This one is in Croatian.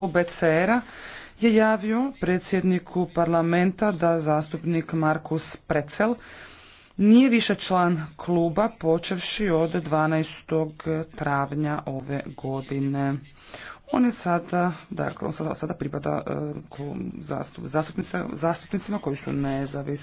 ubcr a je javio predsjedniku parlamenta da zastupnik Markus Precel nije više član kluba počevši od 12. travnja ove godine. On je sada, dakle, on sada, sada pripada eh, zastup, zastupnicima koji su nezavisni.